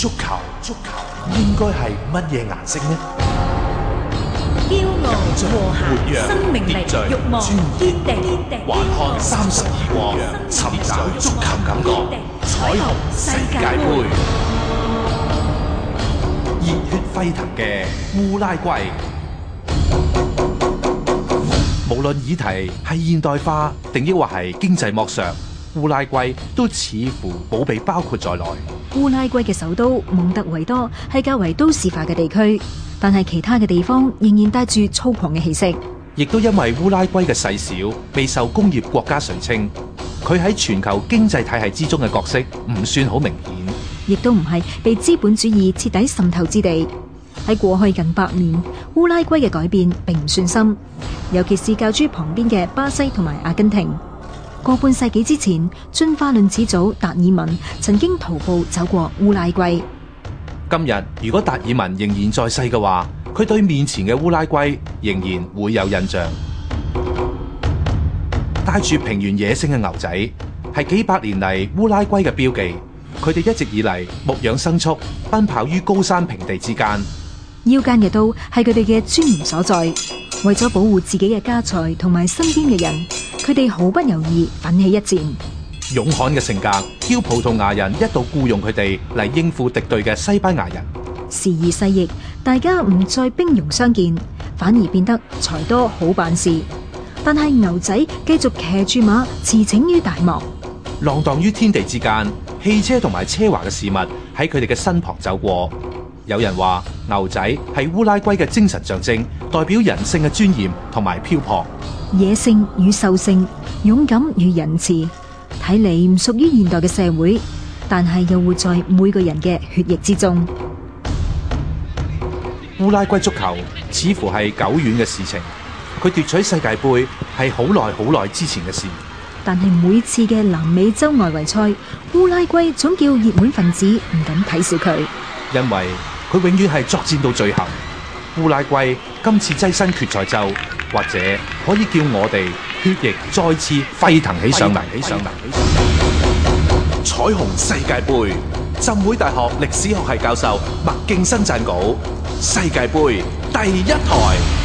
足球，足球應該係乜嘢顏色呢？緊張、活躍、生命力、欲望、堅定、頑強、三十而狂，尋找足球感覺，彩虹世界杯，熱血沸騰嘅烏拉圭。無論議題係現代化定抑或係經濟剝削，烏拉圭都似乎冇被包括在內。烏拉圭嘅首都蒙特維多係較為都市化嘅地區，但係其他嘅地方仍然帶住粗獷嘅氣息。亦都因為烏拉圭嘅細小，未受工業國家垂青，佢喺全球經濟體系之中嘅角色唔算好明顯。亦都唔係被資本主義徹底滲透之地。喺過去近百年，烏拉圭嘅改變並唔算深，尤其是較諸旁邊嘅巴西同埋阿根廷。個半世紀之前，進化論始祖達爾文曾經徒步走過烏拉圭。今日如果達爾文仍然在世嘅話，佢對面前嘅烏拉圭仍然會有印象。帶住平原野性嘅牛仔係幾百年嚟，烏拉圭嘅標記，佢哋一直以嚟牧養牲畜，奔跑於高山平地之間。腰間嘅刀係佢哋嘅尊嚴所在。為咗保護自己嘅家財同埋身邊嘅人，佢哋毫不猶豫奮起一戰。勇悍嘅性格，叫葡萄牙人一度僱傭佢哋嚟應付敵對嘅西班牙人。時而世易，大家唔再兵戎相見，反而變得財多好辦事。但係牛仔繼續騎住馬馳騁於大漠，浪蕩於天地之間。汽車同埋奢華嘅事物喺佢哋嘅身旁走過。有人話牛仔係烏拉圭嘅精神象徵，代表人性嘅尊嚴同埋漂泊。野性與獸性，勇敢與仁慈，睇嚟唔屬於現代嘅社會，但係又活在每個人嘅血液之中。烏拉圭足球似乎係久遠嘅事情，佢奪取世界杯係好耐好耐之前嘅事。但係每次嘅南美洲外圍賽，烏拉圭總叫熱門分子唔敢睇小佢，因為。佢永遠係作戰到最後，烏拉圭今次躋身決賽周，或者可以叫我哋血液再次沸騰起上嚟。彩虹世界盃，浸會大學歷史學系教授麥敬新撰稿。世界盃第一台。